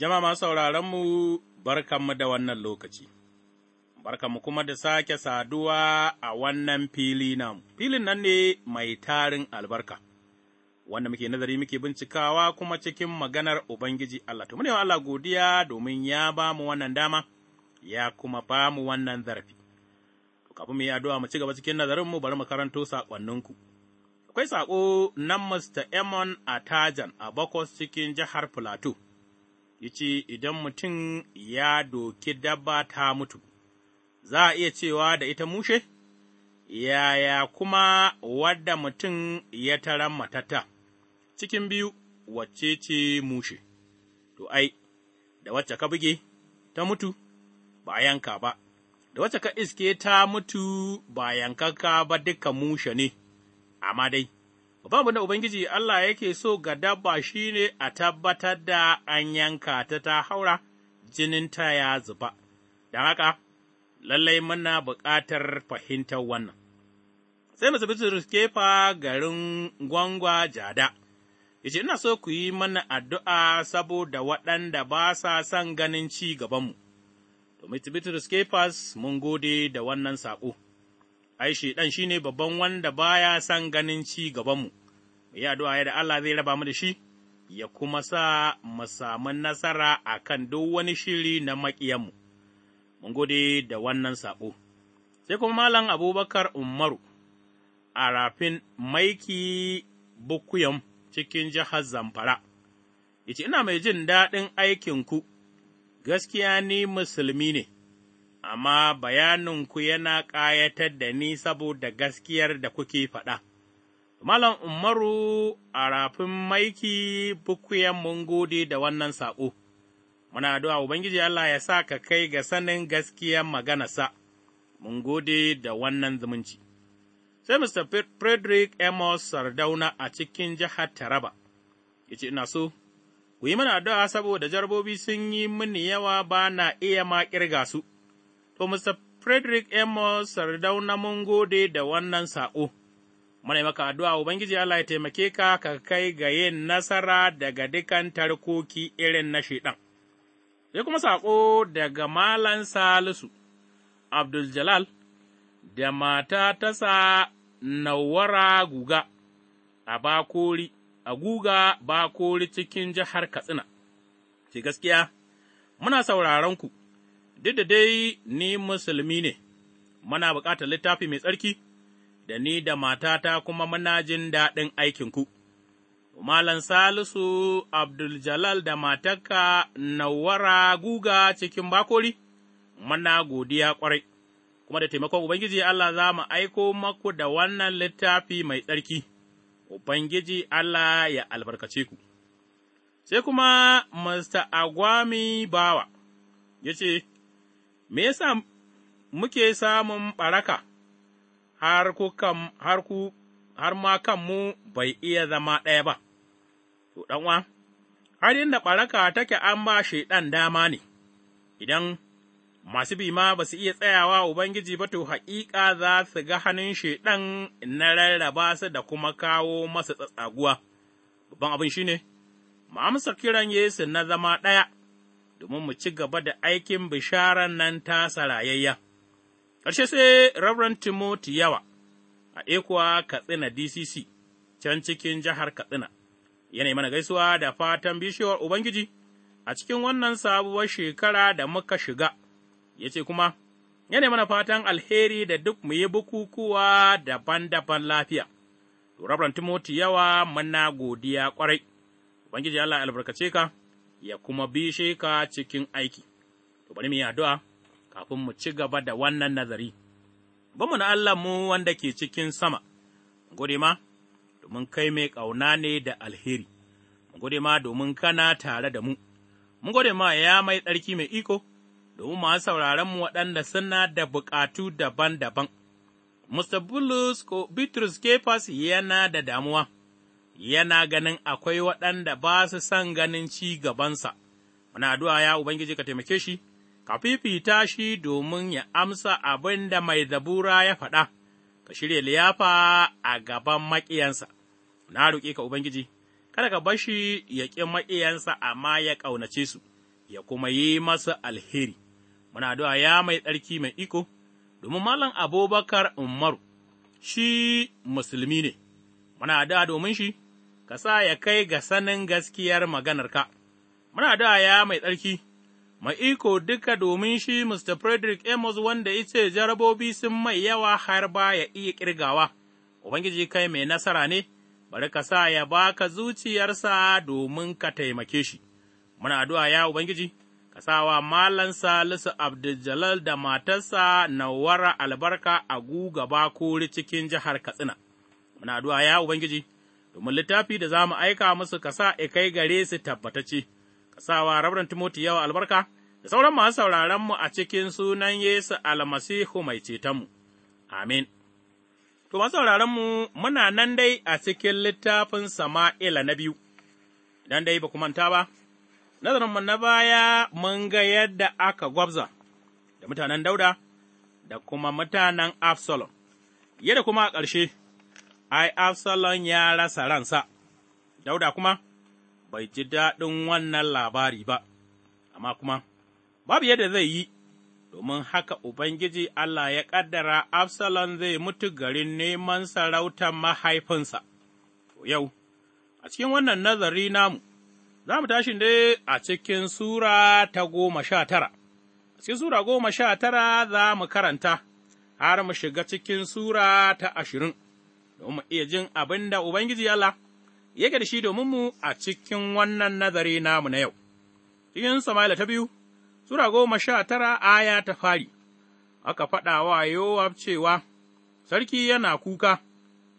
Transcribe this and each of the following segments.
Jama masu sauraronmu, barkanmu da wannan lokaci, barkanmu kuma da sake saduwa a wannan fili namu, filin nan ne mai tarin albarka, wanda muke nazari muke bincikawa kuma cikin maganar Ubangiji Allah. To, mune Allah godiya domin ya ba mu wannan dama, ya kuma ba mu wannan zarafi. To, kafin mu yi addu'a mu ci gaba cikin nazarin mu bari mu karanto saƙonninku. Akwai saƙo nan Mr. Emon Atajan a bakwas cikin jihar Plateau. ya Idan mutum ya doki dabba ta mutu, za a iya cewa da ita mushe? Yaya kuma wadda mutum ya taran matata, cikin biyu wacce ce mushe, to ai, da wacce ka buge ta mutu ba yanka ba, da wacce ka iske ta mutu ba yankanka ba duka mushe ne, amma dai. Babu da Ubangiji Allah yake so ga dabba shi ne a tabbatar da an yanka ta ta haura, jinin ta ya zuba, don haka, lallai muna buƙatar fahimtar wannan. Sai masu bisu kefa garin gwangwa jada, yace ina so ku yi mana addu'a saboda waɗanda ba sa son ganin ci gabanmu. Domin Bitrus Kefas mun gode da wannan saƙo. ai, ɗan shi ne babban wanda baya son ganin ci gabanmu, Ya addu'a yadda Allah zai raba mu da shi, ya kuma sa mu samu nasara a kan duk wani shiri na maƙiyanmu. Mun gode da wannan saƙo. Sai kuma Malam Abubakar Umaru arafin Maiki Bukuyam cikin jihar Zamfara, yace ina mai jin daɗin aikinku, gaskiya ni musulmi ne. amma bayaninku yana ƙayatar da ni saboda gaskiyar da kuke faɗa. Malam Umaru a rafin maiki bukuyan mun gode da wannan saƙo, muna addu'a Ubangiji Allah ya sa ka kai ga sanin gaskiyar maganarsa, mun gode da wannan zumunci. Sai Mr. Frederick Amos Sardauna a cikin jihar Taraba, ya ce, Ina so, ku yi mana addu'a saboda jarbobi sun yi mini yawa ba na iya ma ƙirga su. to Mr. Frederick Amos na mun gode da wannan saƙo. Muna maka addu'a Ubangiji Allah ya taimake ka ka kai ga yin nasara daga dukan tarkoki irin na Shaiɗan. Sai kuma saƙo daga Malam Salisu, Abdul Jalal, da mata tasa Nawara Guga a Bakori, a Guga Bakori cikin jihar Katsina. Ce gaskiya, muna sauraron ku. duk da dai ni musulmi ne, muna bukatar littafi mai tsarki, da ni da matata kuma muna jin daɗin aikinku. Malam Salisu Abdul Jalal da matarka Nawara Guga cikin bakori, muna godiya ƙwarai, kuma da taimakon Ubangiji Allah za mu aiko maku da wannan littafi mai tsarki, Ubangiji Allah ya albarkace ku. Sai kuma Mr. Agwami Bawa ya ce, me yasa muke samun ɓaraka, har ku, har ku, har ma kanmu bai iya zama ɗaya ba, to ɗan'uwa, har inda ɓaraka take an ba ɗan dama ne, idan masu bi ma ba su iya tsayawa Ubangiji ba to haƙiƙa za su ga hannun shaiɗan na rarraba su da kuma kawo masa tsatsaguwa, babban abin shi ne, mu amsa kiran Yesu na zama ɗaya. domin mu ci gaba da aikin bisharan nan ta sarayayya. Ƙarshe sai Reverend Timothy Yawa a Ekuwa Katsina DCC, can cikin jihar Katsina, yanayi mana gaisuwa da fatan bishiyar Ubangiji a cikin wannan sabuwar shekara da muka shiga, ya ce kuma, yanayi mana fatan alheri da duk mu yi bukukuwa daban-daban lafiya. to Reverend Timothy Yawa muna godiya ƙwarai, Ubangiji Allah albarkace ka. ya kuma bishe ka cikin aiki. To bari mu yi addu'a kafin mu ci gaba da wannan nazari. Bamu na mu wanda ke cikin sama, gode ma, domin kai mai ƙauna ne da alheri, gode ma domin kana tare da mu, mun gode ma ya mai tsarki mai iko, domin masu mu waɗanda suna da buƙatu daban-daban. Mr. Bulus ko Bitrus Kefas yana da damuwa. yana ganin akwai waɗanda ba su son ganin ci gabansa, muna addu'a ya Ubangiji ka taimake shi, ka fifita shi domin ya amsa abin da mai zabura ya faɗa, ka shirya liyafa a gaban maƙiyansa, na roƙe ka Ubangiji, kada ka shi ya ƙi maƙiyansa amma ya ƙaunace su, ya kuma yi masa alheri. Muna addu'a ya mai tsarki mai iko, domin Malam Abubakar Umaru, shi musulmi ne, muna addu'a domin shi, ka sa ya kai ga sanin gaskiyar maganarka. Muna da ya mai tsarki, mai iko duka domin shi Mr. Frederick Amos wanda ice jarabobi sun mai yawa har ba ya iya ƙirgawa, Ubangiji kai mai nasara ne, bari ka sa ya baka zuciyarsa domin ka taimake shi. Muna addu'a ya Ubangiji, ka Malam Salisu Abdul da matarsa Nawara albarka a gugaba kori cikin jihar Katsina. Muna addu'a ya Ubangiji. domin littafi da za mu aika musu ka sa kai gare su tabbatacce, ka wa rabin Timoti yawa albarka, da sauran masu sauraron mu a cikin sunan Yesu almasihu mai cetonmu. Amin. To, masu sauraron muna nan dai a cikin littafin Sama'ila na biyu, idan dai ba ku manta ba, nazarinmu na baya mun ga yadda aka gwabza da mutanen Dauda da kuma mutanen Absalom, yadda kuma a ƙarshe. ai, Absalom ya rasa ransa, dauda kuma bai ji daɗin wannan labari ba, amma kuma babu yadda zai yi, domin haka Ubangiji Allah ya ƙaddara Absalom zai mutu garin neman sarautar mahaifinsa. To yau, a cikin wannan nazari namu, za mu tashi ne a cikin Sura ta goma sha tara. A cikin Sura goma sha tara za mu karanta, har mu shiga cikin Sura ta ashirin. don mu iya jin abin da Ubangiji Allah yake da shi domin mu a cikin wannan nazari namu na yau. Cikin Sama'ila ta biyu, Sura goma sha tara aya ta fari, aka faɗa wa Yowab cewa, Sarki yana kuka,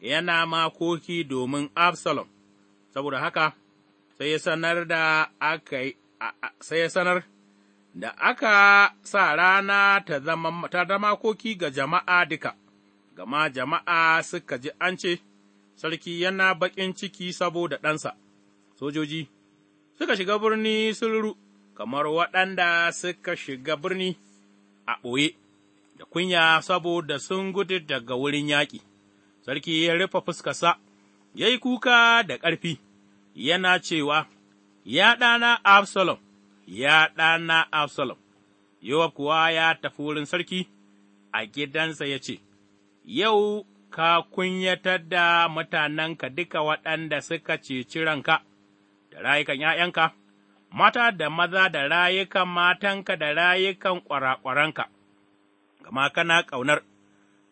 yana makoki domin Absalom, saboda haka sai ya sanar da aka sai sanar da aka sa rana ta zama makoki ga jama'a duka. gama jama'a suka ji an ce, Sarki yana baƙin ciki saboda ɗansa, sojoji, suka shiga birni ruru kamar waɗanda suka shiga birni a ɓoye, da kunya saboda sun gudu daga wurin yaƙi. Sarki ya rufe fuskarsa, ya yi kuka da ƙarfi, yana cewa, Ya ɗana Absalom, ya ɗana Absalom, Yowab kuwa ya tafi wurin sarki a gidansa ya ce, yau ka kunyatar da mutanenka duka waɗanda suka ceci ranka, da rayukan ’ya'yanka, mata da maza da rayukan matanka da rayukan ƙwarakwaranka, gama kana ƙaunar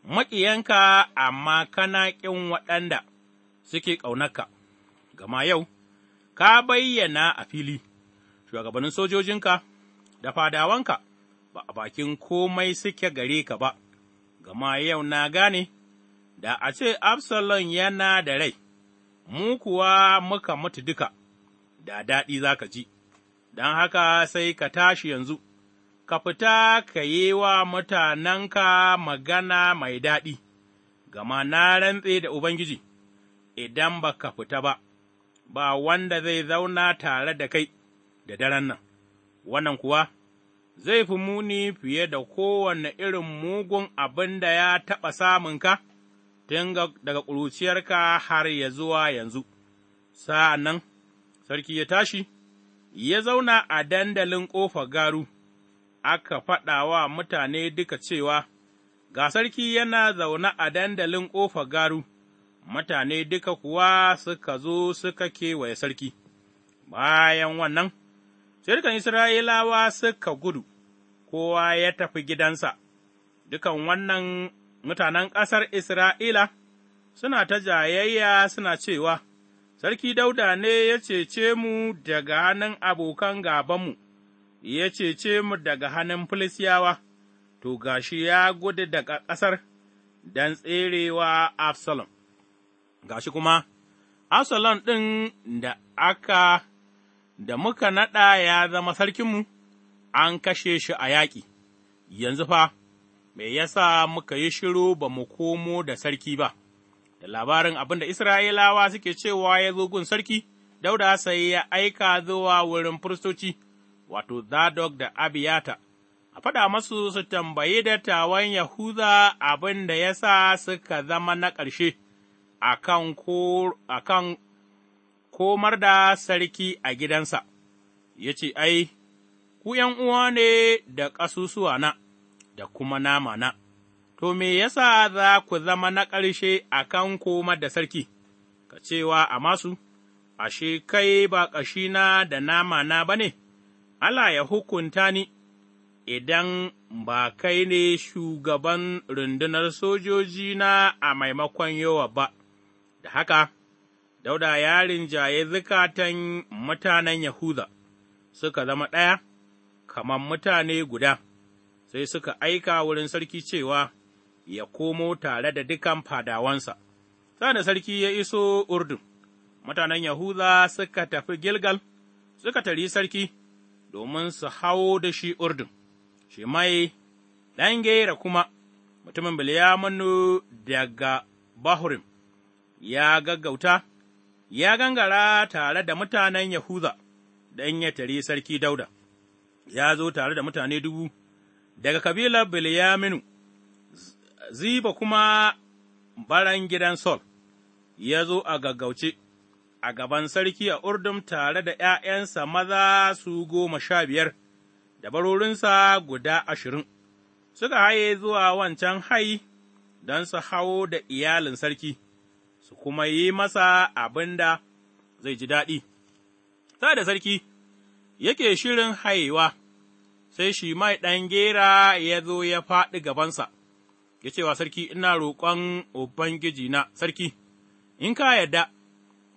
maƙiyanka amma kana ƙin waɗanda suke ƙaunarka, gama yau ka bayyana a fili, shugabannin sojojinka da fadawanka ba a bakin komai suke gare ka ba. gama yau na gane, da a ce Absalom yana da rai, mu kuwa muka mutu duka, da daɗi za ka ji, don haka sai ka tashi yanzu, ka fita ka yi wa mutanenka magana mai daɗi, gama na rantse da Ubangiji, idan ba ka fita ba, ba wanda zai zauna tare da kai da daren nan, wannan kuwa. zai fi muni fiye da kowane irin mugun abin da ya taɓa samun ka tun daga ƙuruciyarka har ya zuwa yanzu. Sa'an nan, sarki ya tashi, ya zauna a dandalin ƙofar garu, aka faɗa wa mutane duka cewa, Ga sarki yana zaune a dandalin ƙofar garu, mutane duka kuwa suka zo suka kewaye sarki. Bayan wannan, shirkan Isra'ilawa suka gudu, kowa ya tafi gidansa, dukan wannan mutanen ƙasar Isra'ila suna ta jayayya suna cewa, Sarki Dauda ne ya cece mu daga hannun abokan gabanmu, ya cece mu daga hannun Filistiyawa, to gashi ya gudu daga ƙasar don tserewa Absalom. Gashi kuma, Absalom ɗin da aka da muka naɗa ya zama sarkinmu, an kashe shi a yaƙi, yanzu fa, me yasa muka yi shiru ba mu komo da sarki ba, da labarin abin da Isra'ilawa suke cewa ya zo gun sarki, dauda sai ya aika zuwa wurin firistoci, wato Zadok da Abiyata, a faɗa masu su tambayi dattawan Yahuza abin da ya sa suka zama na ƙarshe a kan komar da sarki a gidansa, ya ce, Ai, ku uwa ne da ƙasusuwa na, da kuma nama na, to me yasa za ku zama na ƙarshe a kan komar da sarki, ka cewa a masu, ashe kai ba ƙashina da nama na ba ne, Allah ya hukunta ni. idan ba kai ne shugaban rundunar sojojina a maimakon yawa ba, da haka Dauda ya rinjaye zukatan mutanen Yahuda, suka zama ɗaya, kamar mutane guda, sai suka aika wurin sarki cewa ya komo tare da dukan fadawansa. Sa'an da sarki ya iso Urdun, mutanen Yahuda suka tafi Gilgal, suka tari sarki domin su hawo da shi Urdun, shi mai ɗan gera kuma mutumin bilyamunu daga Bahurim ya gaggauta. ya gangara tare da mutanen Yahuza don ya tare sarki Dauda, ya zo tare da mutane dubu daga kabilar Bilyaminu, ziba kuma baran gidan Sol, ya zo a gaggauce a gaban sarki a Urdum tare da ’ya'yansa maza su goma sha biyar da barorinsa guda ashirin, suka haye zuwa wancan hai don su hawo da iyalin sarki. su kuma yi masa abin da zai ji daɗi. Sa da sarki yake shirin haiwa, sai shi mai ɗan gera ya zo ya faɗi gabansa, ya cewa sarki, Ina roƙon Ubangiji na sarki, in ka yarda,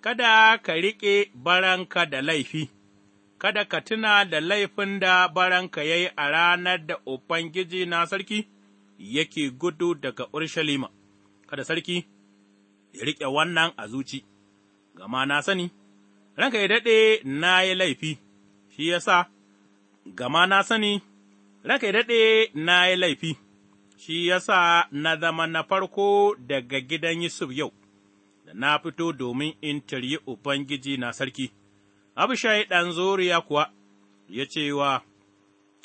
kada ka riƙe baranka da laifi. kada ka tuna da laifin da baranka ya yi a ranar da Ubangiji na sarki yake gudu daga Urshalima, kada sarki ya riƙe wannan a zuci, gama na sani, ranka ya daɗe na yi laifi, shi ya sa, gama na sani, ranka ya daɗe na yi laifi, shi ya sa na zama na farko daga gidan Yusuf yau, da na fito domin in tarye Ubangiji na sarki. Abishai ɗan zuriya kuwa ya ce wa,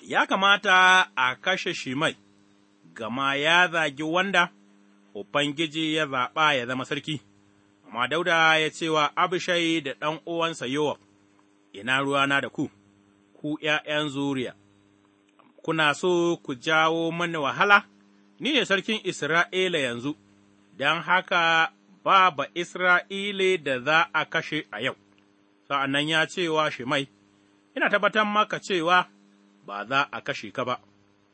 Ya kamata a kashe shi mai. gama ya zagi wanda Ubangiji ya zaɓa ya zama sarki, amma Dauda ya ce wa Abishai da ɗan uwansa Yowab, Ina ruwana da ku, ku ’ya'yan zuriya, kuna so ku jawo mani wahala, ni ne sarkin Isra'ila yanzu, don haka ba ba Isra'ile da za a kashe a yau, sa'an nan ya ce wa Shimai, Ina tabbatar maka cewa ba za a kashe ka ba.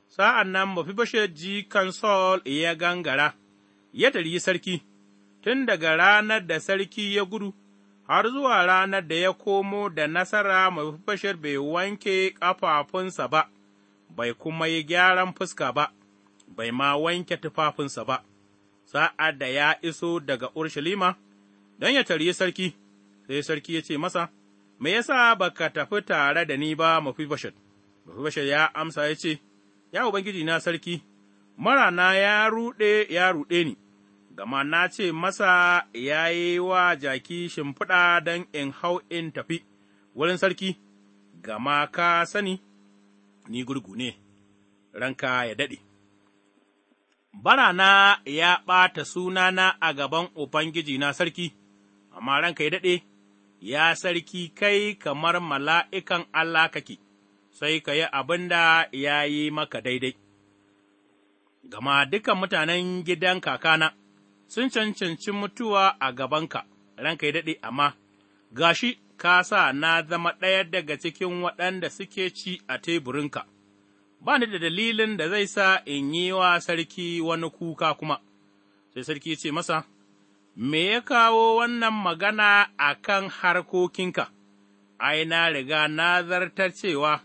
Sa'an nan Mefiboshet jikan Sol ya gangara. ya taryi sarki, tun daga ranar da sarki ya gudu, har zuwa ranar da ya komo da nasara mafifashir bai wanke ƙafafunsa ba, bai kuma yi gyaran fuska ba, bai ma wanke tufafinsa ba, sa'ad da ya iso daga Urshalima, don ya taryi sarki, sai sarki ya ce masa, Me yasa ba ka tafi tare da ni ba mafifashir? Mafifashir ya amsa ya ce, Ya Ubangiji na sarki, marana ya ruɗe ya ruɗe ni, gama na ce masa ya yi wa jaki shimfiɗa don in hau in tafi wurin sarki, gama ka sani, ni gurgu ne, ranka ya daɗe. Barana ya ɓata sunana a gaban Ubangiji na sarki, amma ranka ya daɗe, ya sarki kai kamar mala'ikan Allah kake, sai ka yi abin da ya yi maka daidai. Gama dukan mutanen gidan kakana. sun cancanci mutuwa a gabanka, ranka yi daɗe, amma gashi ka sa na zama ɗaya daga cikin waɗanda suke ci a teburinka, ba ni da dalilin da zai sa in yi wa sarki wani kuka kuma, sai sarki ce masa, Me ya kawo wannan magana a kan harkokinka, ai, na riga na zartar cewa,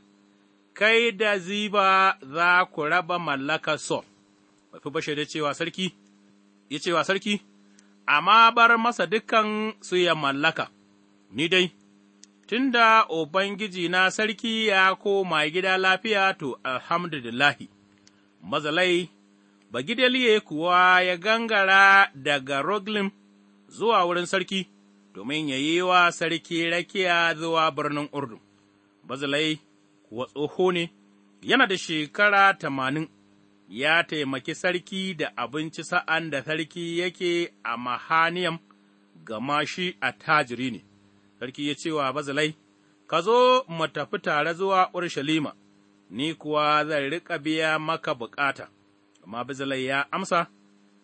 Kai da ziba za ku raba mallakar so, mafi bashe da cewa sarki, ya ce wa sarki, amma bar masa dukan su ya mallaka, ni dai, tun da na sarki ya koma gida lafiya to alhamdulillahi, mazalai, bagidaliye kuwa ya gangara daga Roglim zuwa wurin sarki, domin ya yi wa sarki rakiya zuwa birnin urdu. bazalai kuwa tsoho ne, yana da shekara tamanin. ya taimaki sarki da abinci sa'an da sarki yake a mahaniyam, gama shi a tajiri ne, sarki ya ce wa Bazalai, Ka zo mu tafi tare zuwa Urshalima, ni kuwa zan riƙa biya maka bukata, amma Bazalai ya amsa,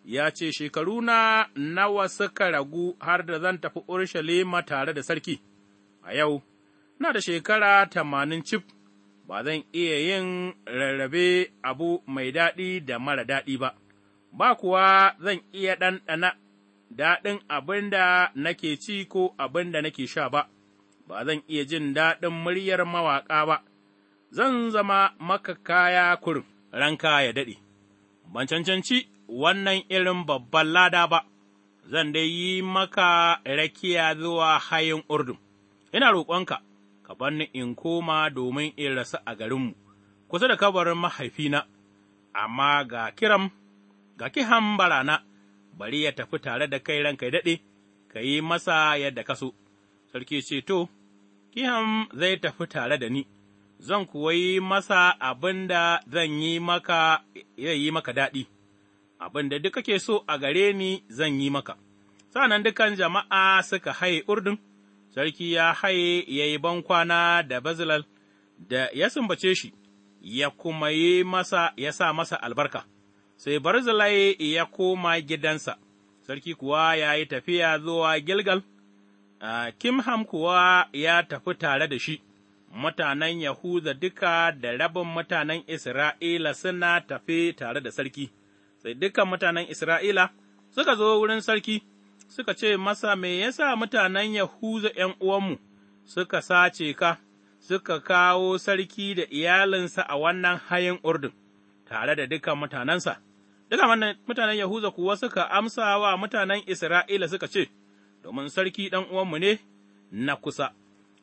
ya ce, Shekaruna nawa suka ragu har da zan tafi Urshalima tare da sarki, a yau, na da shekara tamanin cif. ba zan iya yin rarrabe abu mai daɗi da mara daɗi ba, ba kuwa zan iya ɗanɗana daɗin abin da nake ci ko abin da nake sha ba, ba zan iya jin daɗin muryar mawaƙa ba, zan zama maka kaya kurum, ranka ya daɗe, ban cancanci wannan irin babban lada ba, zan dai yi maka rakiya zuwa hayin Urdun, ina roƙonka. ka banni in koma domin in rasu a garinmu, kusa da kabarin mahaifina, amma ga kiram, ga kihan barana, bari ya tafi tare da kai ranka daɗe, ka yi masa yadda ka so. Sarki ce, To, kihan zai tafi tare da ni, zan kuwa yi masa abin da zan yi maka, yi maka daɗi, abin da duka kake so a gare ni zan yi maka. Sa'an dukan jama'a suka haye Urdun. sarki ya haye ya yi bankwana da Bazilal da ya sumbace shi, ya kuma yi masa ya sa masa albarka, sai Barzilai ya koma gidansa, sarki kuwa ya yi tafiya zuwa Gilgal, uh, Kimham kuwa ya tafi tare da shi, mutanen Yahuda duka da rabin mutanen Isra'ila suna tafi tare da sarki, sai dukan mutanen Isra'ila suka zo wurin sarki. suka ce masa, Me yasa mutanen Yahuza ’yan uwanmu suka sace ka, suka kawo sarki da iyalinsa a wannan hayan Urdun, tare da dukan mutanensa? Duka mutanen Yahuza kuwa suka amsa wa mutanen Isra'ila suka ce, Domin sarki ɗan uwanmu ne na kusa,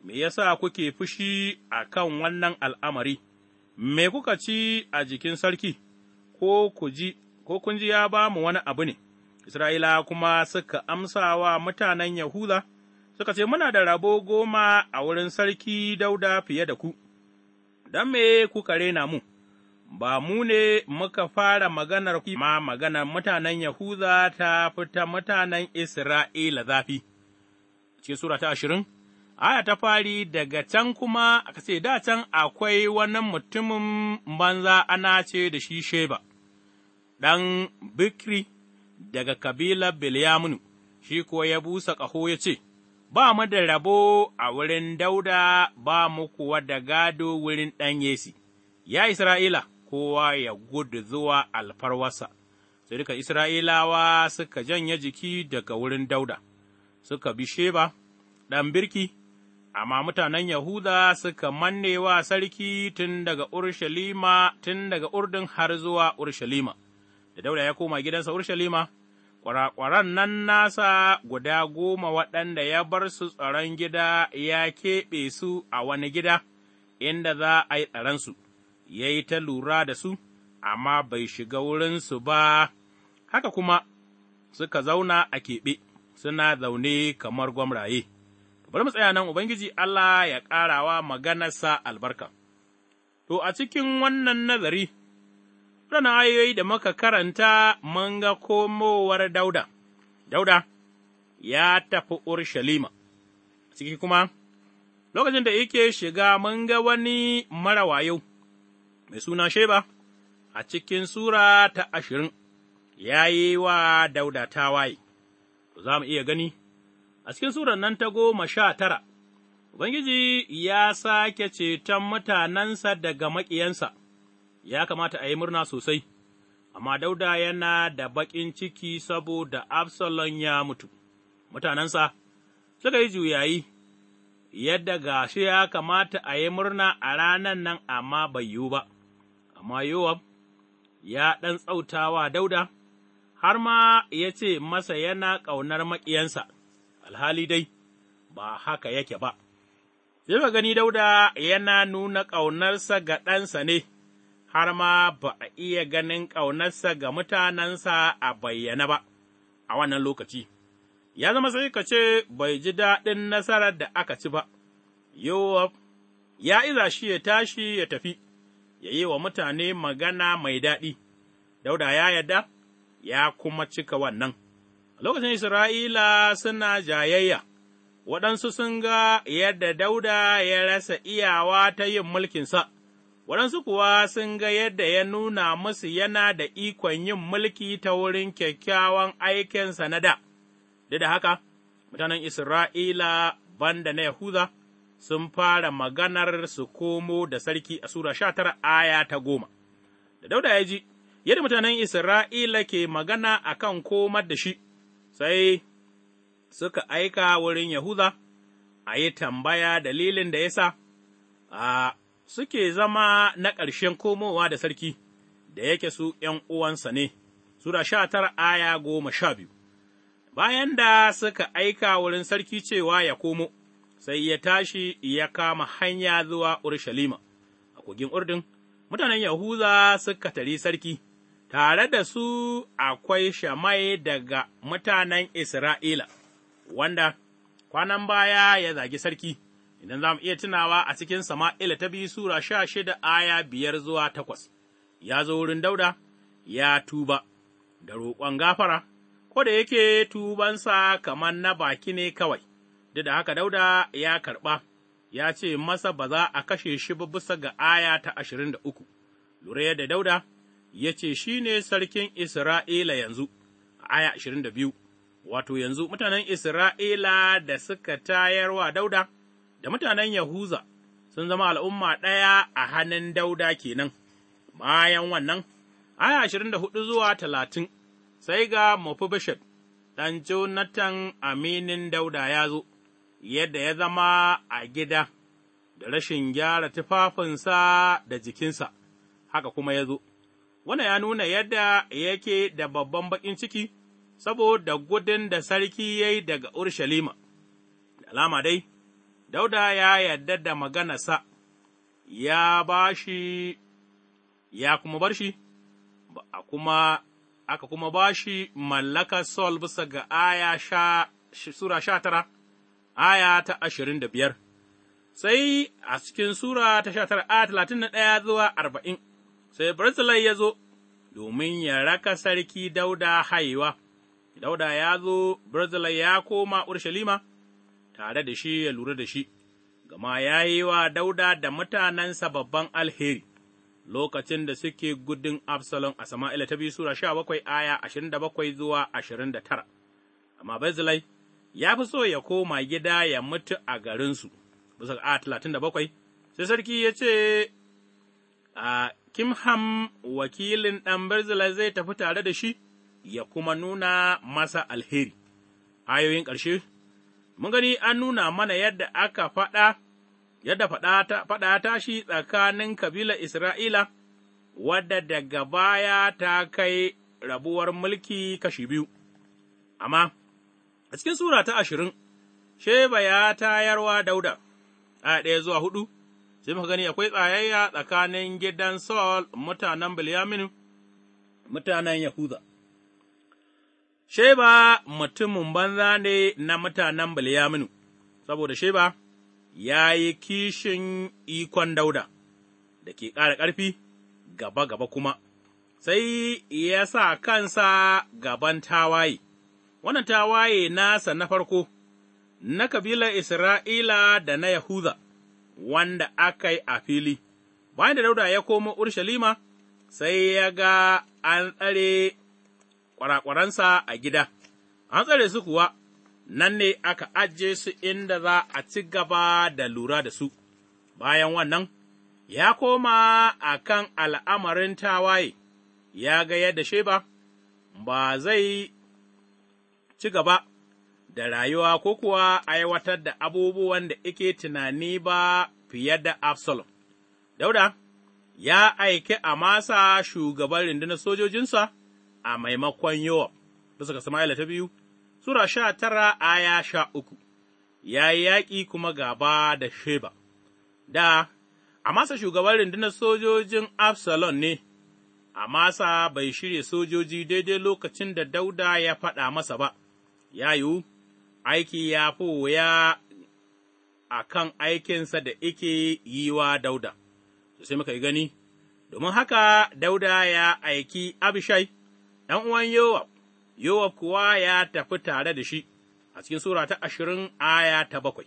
me yasa kuke fushi a kan wannan al'amari, me kuka ci a jikin sarki, ko kun ji ya ba mu wani abu ne?’ Isra'ila kuma suka amsa wa mutanen Yahuda, suka ce, Muna da rabo goma a wurin sarki dauda fiye da ku, don me kuka rena mu, ba mu ne muka fara maganar ma maganar mutanen Yahuda ta fita mutanen Isra'ila zafi. Ce Sura ta ashirin, aya ta fari daga can kuma aka ce, Da can akwai wani mutumin banza ana ce da shi Sheba, ɗan Bikri. daga kabilar bilyamun shi kuwa ya busa ƙaho ya ce, Ba mu da rabo a wurin Dauda, ba mu kuwa da gado wurin ɗan Yesi, ya Isra'ila, kowa ya gudu zuwa alfarwarsa, sai duka Isra'ilawa suka janye jiki daga wurin Dauda, suka bi Sheba, ɗan birki, amma mutanen Yahuda suka manne wa sarki tun daga Urshalima, tun daga Urdun har zuwa Urshalima, da Dauda ya koma gidansa Urshalima. ƙwarakwaran nan nasa guda goma waɗanda ya bar su tsaron gida ya keɓe su a wani gida, inda za a yi tsaronsu, ya yi ta lura da su, amma bai shiga wurinsu ba, haka kuma suka zauna a keɓe, suna zaune kamar gwamraye. Bari mu tsaya nan Ubangiji Allah ya ƙarawa maganarsa albarka. To, a cikin wannan nazari. waɗannan ayoyi da muka karanta mun ga komowar Dauda, Dauda ya tafi Urshalima, ciki kuma, lokacin da yake shiga mun ga wani mara wayo, mai suna Sheba, a cikin Sura ta ashirin, ya yi wa Dauda tawaye, za mu iya gani, a cikin sura nan ta goma sha tara. Ubangiji ya sake ceton mutanensa daga maƙiyansa. ya kamata a yi murna sosai, amma Dauda yana da baƙin ciki saboda Absalom ya mutu, mutanensa suka yi juyayi, yadda ga shi ya kamata a yi murna a ranan nan amma bai yiwu ba, amma Yowab ya ɗan tsautawa Dauda, har ma ya ce masa yana ƙaunar maƙiyansa, alhali dai ba haka yake ba. Sai gani Dauda yana nuna ƙaunarsa ga ɗansa ne. har ma ba a iya ganin ƙaunarsa ga mutanensa a bayyana ba a wannan lokaci. Ya zama sai ka ce bai ji daɗin nasarar da aka ci ba, Yowab ya iza shi ya tashi ya tafi, ya yi wa mutane magana mai daɗi, dauda ya yarda ya kuma cika wannan. Lokacin Isra'ila suna jayayya, waɗansu sun ga yadda dauda ya rasa iyawa ta yin mulkinsa. waɗansu kuwa sun ga yadda ya nuna musu yana da ikon yin mulki ta wurin kyakkyawan aikinsa na da, duk da haka, mutanen Isra'ila banda na Yahuza sun fara maganar su komo da sarki a Sura sha tara aya ta goma, da dauda ya ji, yadda mutanen Isra'ila ke magana a kan komar da shi, sai suka aika wurin Yahuza a yi tambaya dalilin da ya sa, a suke zama na ƙarshen komowa da sarki, da yake su ’yan uwansa ne, Sura sha tara aya goma sha biyu. Bayan da suka aika wurin sarki cewa ya komo, sai ya tashi ya kama hanya zuwa Urushalima, a kogin Urdun, mutanen Yahuza suka tari sarki, tare da su akwai shamai daga mutanen Isra'ila, wanda kwanan baya ya zagi sarki. idan za mu iya tunawa a cikin Sama'ila ta biyu Sura sha shida aya biyar zuwa takwas, ya zo wurin Dauda, ya tuba, da roƙon gafara, ko da yake tubansa kamar na baki ne kawai, duk da haka Dauda ya karɓa, ya ce masa ba za a kashe shi ba bisa ga aya ta ashirin da uku, lura yadda Dauda ya ce shi ne sarkin Isra'ila yanzu, a aya ashirin da biyu, wato yanzu mutanen Isra'ila da suka tayarwa Dauda. da mutanen Yahuza sun zama al'umma ɗaya a hannun Dauda kenan, bayan wannan, aya ashirin da hudu zuwa talatin, sai ga Mofibishet, ɗan Jonathan aminin Dauda ya zo, yadda ya zama a gida da rashin gyara tufafinsa da jikinsa, haka kuma ya zo. Wannan ya nuna yadda yake da babban baƙin ciki, saboda gudun da sarki ya yi daga Urshalima. Alama dai, Dauda ya yarda da maganarsa, ya ba shi, ya kuma bar shi, kuma aka kuma ba shi mallakar Sol bisa ga aya sha, Sura sha tara, aya ta ashirin da biyar, sai a cikin Sura ta sha tara aya talatin da ɗaya zuwa arba'in, sai Barzilai ya zo domin ya raka sarki Dauda haiwa, Dauda ya zo, Barzilai ya koma Urshalima. tare da shi ya lura da shi, gama ya yi wa Dauda da mutanensa babban alheri. Lokacin da suke gudun Absalom a Sama'ila ta biyu Sura sha bakwai aya ashirin da bakwai zuwa ashirin da tara, amma Bezalai ya fi so ya koma gida ya mutu a garinsu, bisa talatin da bakwai, sai sarki ya ce, a Kimham wakilin ɗan Bezalai zai tafi tare da shi, ya kuma nuna masa alheri. Ayoyin ƙarshe mun gani an nuna mana yadda aka faɗa, yadda faɗa tashi tsakanin kabila Isra'ila, wadda daga baya ta kai rabuwar mulki kashi biyu, amma a cikin Sura ta ashirin, Sheba ya tayarwa Dauda, a ɗaya zuwa hudu, sai muka gani akwai tsayayya tsakanin gidan Saul mutanen Bilyaminu, mutanen Yahuda. Sheba mutumin banza ne na mutanen Bilyaminu, saboda Sheba ya yi kishin ikon Dauda, da ke ƙara ƙarfi gaba-gaba kuma, sai ya sa kansa gaban tawaye, wannan tawaye nasa na farko, na kabilar Isra'ila da na Yahuza, wanda aka yi a fili, bayan da Dauda ya komo Urshalima, sai ya ga an tsare kwarakwaransa a gida, an tsare su kuwa, nan ne aka ajiye su inda za a ci gaba da lura da su, bayan wannan, ya koma a kan al'amarin tawaye, ya ga yadda Sheba ba zai ci gaba da rayuwa ko kuwa aiwatar da abubuwan da ike tunani ba fiye da Absalom. Dauda ya aiki masa shugaban rundunar sojojinsa a maimakon Yowab, bisa ga Sama'ila ta biyu, Sura sha tara aya sha uku, ya yi yaƙi kuma gaba da Sheba, da, Amasa shugaban rundunar sojojin Absalom ne, Amasa bai shirya sojoji daidai lokacin da Dauda ya faɗa masa ba, ya yiwu, aiki ya fi wuya a kan aikinsa da ike yi wa Dauda, sai muka yi gani, domin haka Dauda ya aiki Abishai. ’yan uwan Yowab, Yowab kuwa ya tafi tare da shi a cikin Sura ta ashirin aya ta bakwai,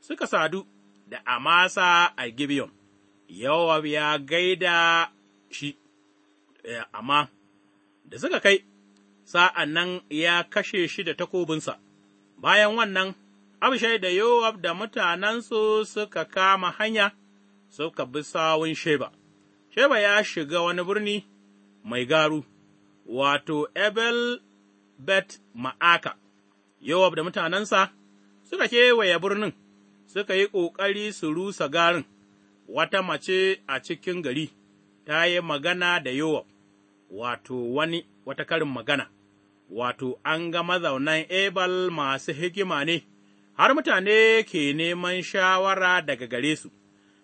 suka sadu da Amasa a Gibeon, Yowab ya gaida shi, e, amma da suka kai, sa'an nan ya kashe shi da takobinsa, bayan wannan, Abishai da Yowab da mutanensu suka kama hanya, suka bi sawun Sheba, Sheba ya shiga wani birni mai garu. wato Ebel Bet Ma'aka, Yowab da mutanensa suka kewaye birnin, suka yi ƙoƙari su rusa garin, wata mace a cikin gari ta yi magana da Yowab, wato wani wata karin magana, wato an ga mazaunan Ebal masu hikima ne, har mutane ke neman shawara daga gare su,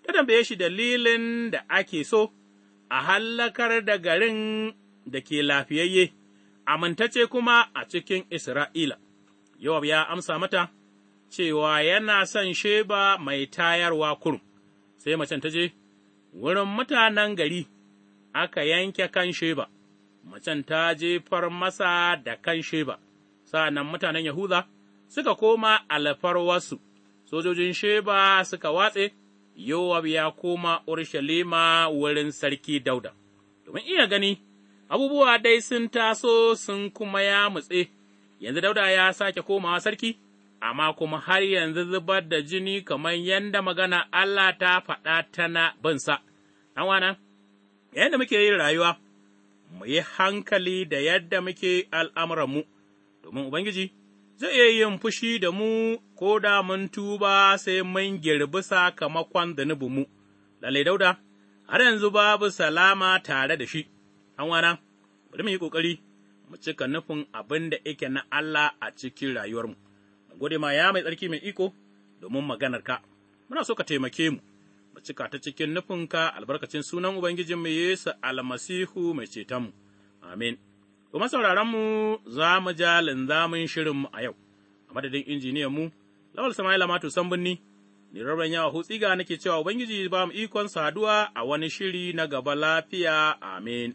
ta tambaye shi dalilin da ake so a hallakar da garin da ke lafiyayye, amintacce kuma a cikin Isra'ila. Yowab ya amsa mata cewa yana son Sheba mai tayarwa kurum, sai macen ta je, Wurin mutanen gari aka yanke kan Sheba, macen ta jefar masa da kan Sheba, sa'an mutanen Yahuda suka koma alfarwarsu, sojojin Sheba suka watse, Yowab ya koma Urshalima wurin sarki Dauda, domin iya gani. abubuwa dai sun taso sun kuma ya mutse, yanzu dauda ya sake komawa sarki, amma kuma har yanzu zubar da jini kamar yadda magana Allah ta faɗa tana binsa. wana, yadda muke yin rayuwa, mu yi hankali da yadda muke al'amuranmu, domin Ubangiji zai iya yin fushi da mu ko da mun tuba sai mun girbi sakamakon zunubinmu. Lalle dauda, har yanzu babu salama tare da shi. ’yan wana, bari mu yi ƙoƙari mu cika nufin abin da yake na Allah a cikin rayuwarmu. mu gode ma ya mai tsarki mai iko domin maganar ka, muna so ka taimake mu, mu cika ta cikin nufinka albarkacin sunan Ubangijin mu Yesu almasihu mai cetonmu. Amin. Kuma sauraronmu za mu ja linzamin mu a yau, a madadin injiniyanmu, Lawal Sama'ila Matu Sambunni, ni rabin yawa hutsi ga nake cewa Ubangiji ba mu ikon saduwa a wani shiri na gaba lafiya. Amin.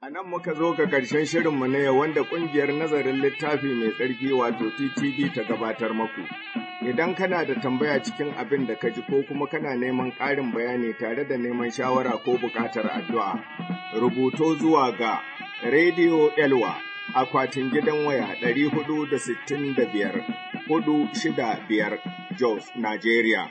A nan muka zo ga ƙarshen shirinmu na yau wanda ƙungiyar nazarin littafi mai tsarki wato TTV ta gabatar maku. Idan kana da tambaya cikin abin da ka ji ko kuma kana neman ƙarin bayani tare da neman shawara ko buƙatar addu'a, rubuto zuwa ga Radio Elwa akwatin gidan waya 465 Jos, Najeriya.